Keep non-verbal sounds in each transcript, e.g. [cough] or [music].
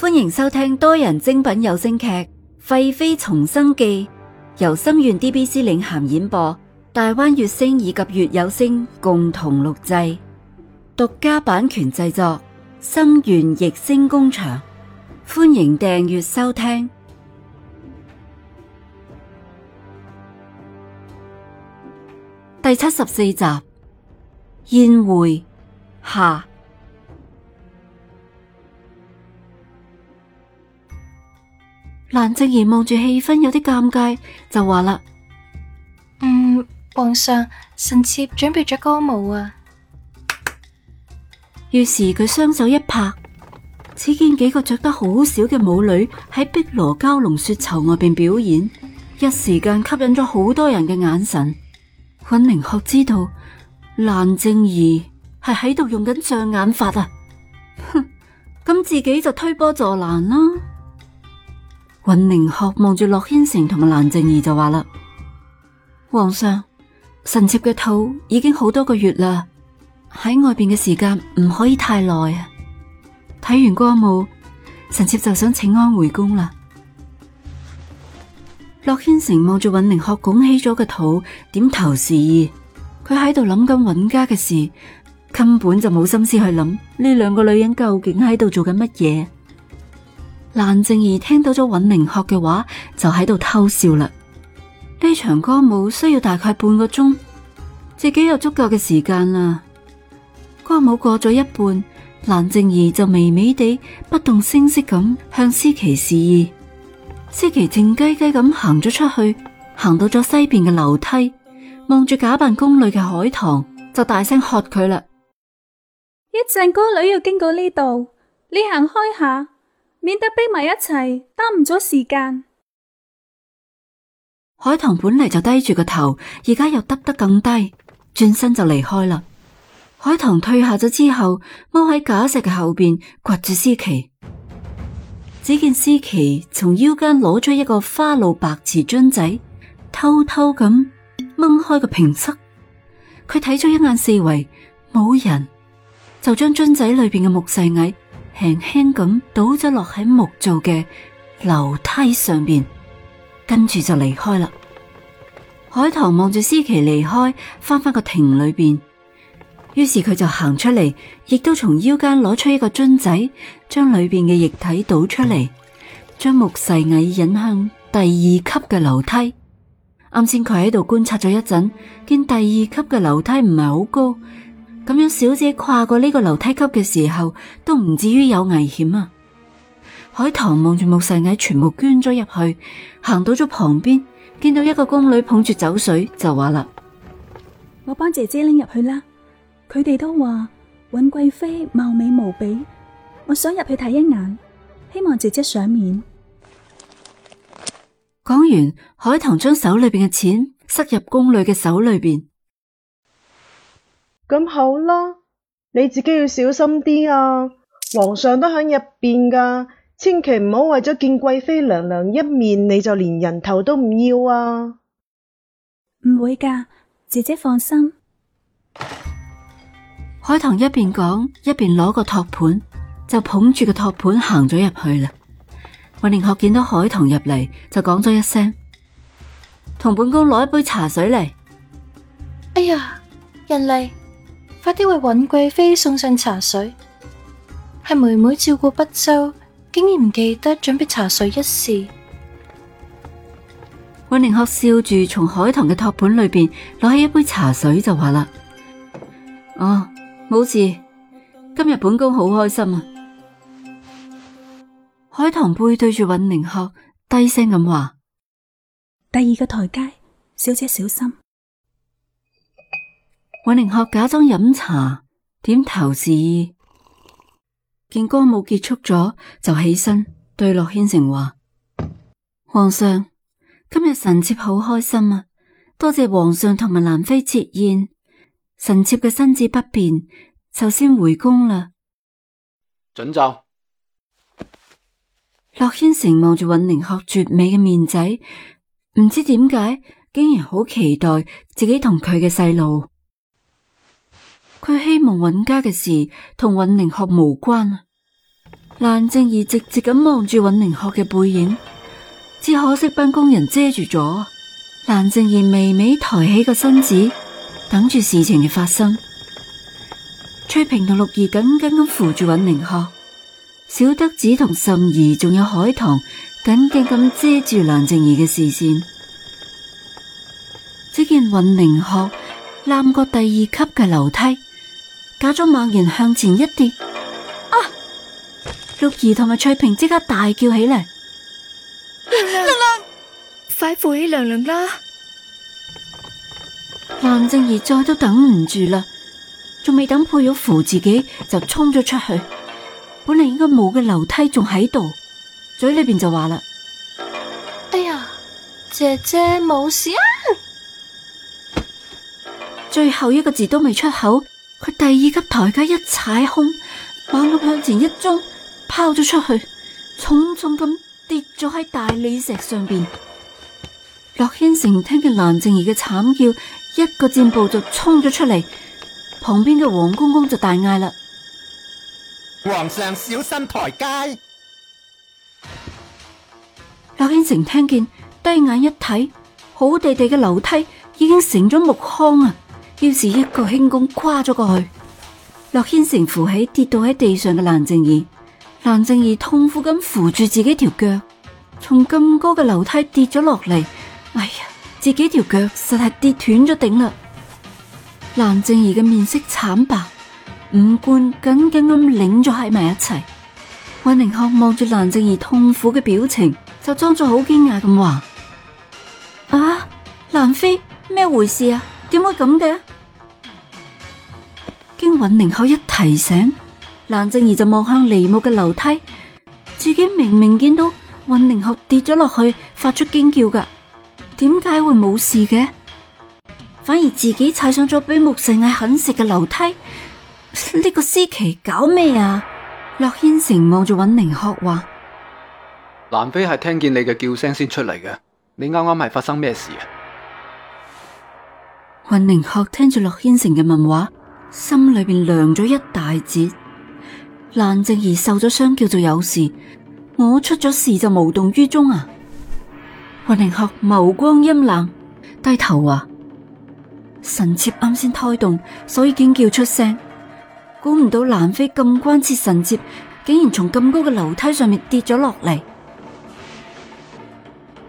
歡迎收聽多人精品有聲劇《廢妃重生記》，由心願 DBC 領銜演播，大灣月星以及月有聲共同錄製，獨家版權製作，心源逸聲工廠。歡迎訂閱收聽第七十四集宴會下。蘭靜兒望住氣氛有啲尷尬，就話啦：嗯，皇上，臣妾準備咗歌舞啊！於是佢雙手一拍，只見幾個着得好少嘅舞女喺碧羅蛟龍雪綢外邊表演，一時間吸引咗好多人嘅眼神。尹明學知道蘭靜兒係喺度用緊障眼法啊！哼、 [laughs] 嗯，咁自己就推波助瀾啦。尹寧鶴望住洛軒成同埋蘭靜兒就話啦：，皇上，臣妾嘅肚已經好多個月啦，喺外邊嘅時間唔可以太耐啊。睇完歌舞，臣妾就想請安回宮啦。洛軒成望住尹寧鶴拱起咗個肚，點頭示意。佢喺度諗緊尹家嘅事，根本就冇心思去諗呢兩個女人究竟喺度做緊乜嘢。蘭靜兒聽到咗尹明學嘅話，就喺度偷笑啦。呢場歌舞需要大概半個鐘，自己有足夠嘅時間啦。歌舞過咗一半，蘭靜兒就微微地不動聲色咁向思琪示意，思琪靜雞雞咁行咗出去，行到咗西邊嘅樓梯，望住假扮宮女嘅海棠，就大聲喝佢啦。一陣歌女要經過呢度，你行開下。免得逼埋一齊，耽誤咗時間。海棠本嚟就低住個頭，而家又耷得更低，轉身就離開啦。海棠退下咗之後，踎喺假石嘅後邊，掘住思琪。只見思琪從腰間攞出一個花露白瓷樽仔，偷偷咁掹開個瓶塞。佢睇咗一眼四圍，冇人，就將樽仔裏邊嘅木細蟻。輕輕咁倒咗落喺木造嘅樓梯上邊，跟住就離開啦。海棠望住思琪離開，翻返個亭裏邊，於是佢就行出嚟，亦都從腰間攞出一個樽仔，將裏邊嘅液體倒出嚟，將木細蟻引向第二級嘅樓梯。啱先佢喺度觀察咗一陣，見第二級嘅樓梯唔係好高。咁樣，小姐跨過呢個樓梯級嘅時候，都唔至於有危險啊！海棠望住木世矮，全部捐咗入去，行到咗旁邊，見到一個宮女捧住酒水，就話啦：我幫姐姐拎入去啦。佢哋都話尹貴妃貌美無比，我想入去睇一眼，希望姐姐賞面。講完，海棠將手裏邊嘅錢塞入宮女嘅手裏邊。咁好啦，你自己要小心啲啊！皇上都喺入邊噶，千祈唔好為咗見貴妃娘娘一面，你就連人頭都唔要啊！唔會噶，姐姐放心。海棠一邊講，一邊攞個托盤，就捧住個托盤行咗入去啦。萬靈鶴見到海棠入嚟，就講咗一聲：同本宮攞一杯茶水嚟。哎呀，人嚟！快啲為尹貴妃送上茶水，係妹妹照顧不周，竟然唔記得準備茶水一事。尹寧鶴笑住從海棠嘅托盤裏邊攞起一杯茶水就話啦：哦，冇事，今日本宮好開心啊！海棠背對住尹寧鶴，低聲咁話：第二個台階，小姐小心。尹寧學假裝飲茶，點頭示意，見歌舞結束咗，就起身對洛軒成話：皇上今日臣妾好開心啊，多謝皇上同埋蘭妃設宴。臣妾嘅身子不便，就先回宮啦。准奏走。洛軒成望住尹寧學絕美嘅面仔，唔知點解，竟然好期待自己同佢嘅細路。佢希望尹家嘅事同尹寧學無關。蘭靜兒直直咁望住尹寧學嘅背影，只可惜班工人遮住咗。蘭靜兒微微抬起個身子，等住事情嘅發生。翠平同六兒緊緊咁扶住尹寧學，小德子同岑兒仲有海棠緊緊咁遮住蘭靜兒嘅視線。只見尹寧學攬過第二級嘅樓梯。假裝猛然向前一跌，啊！六兒同埋翠萍即刻大叫起嚟：娘娘，娘娘，快扶起娘娘啦！范靜兒再都等唔住啦，仲未等佩玉扶自己就衝咗出去。本嚟應該冇嘅樓梯仲喺度，嘴裏邊就話啦：哎呀，姐姐冇事啊！最後一個字都未出口。佢第二級台階一踩空，猛咁向前一衝，拋咗出去，重重咁跌咗喺大理石上邊。樂軒成聽見蘭靜兒嘅慘叫，一個箭步就衝咗出嚟，旁邊嘅黃公公就大嗌啦：皇上小心台階！樂軒成聽見，低眼一睇，好地地嘅樓梯已經成咗木糠啊！要是，一個輕功跨咗過去，駱千成扶起跌倒喺地上嘅藍靜兒，藍靜兒痛苦咁扶住自己條腳，從咁高嘅樓梯跌咗落嚟，哎呀，自己條腳實係跌斷咗頂啦！藍靜兒嘅面色慘白，五官緊緊咁擰咗喺埋一齊，溫寧康望住藍靜兒痛苦嘅表情，就裝作好驚訝咁話：啊，藍飛咩回事啊？點會咁嘅？尹寧鶴一提醒，藍靜兒就望向離木嘅樓梯，自己明明見到尹寧鶴跌咗落去，發出驚叫噶，點解會冇事嘅？反而自己踩上咗俾木成毅肯食嘅樓梯，呢、這個思琪搞咩啊？洛軒成望住尹寧鶴話：南非係聽見你嘅叫聲先出嚟嘅，你啱啱係發生咩事啊？尹寧鶴聽住洛軒成嘅問話。心裏邊涼咗一大截，蘭靜兒受咗傷叫做有事，我出咗事就無動於衷啊！雲凌鶴眸光陰冷，低頭話、啊：神妾啱先胎動，所以驚叫出聲。估唔到蘭妃咁關切神妾，竟然從咁高嘅樓梯上面跌咗落嚟。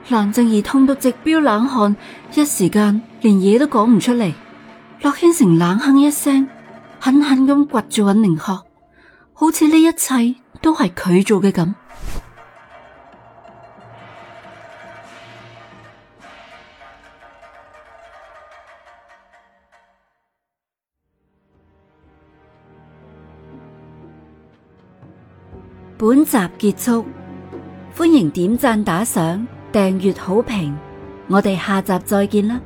蘭靜兒痛到直飆冷汗，一時間連嘢都講唔出嚟。洛軒成冷哼一聲，狠狠咁掘住尹寧學，好似呢一切都係佢做嘅咁。本集結束，歡迎點讚、打賞、訂閱、好評，我哋下集再見啦！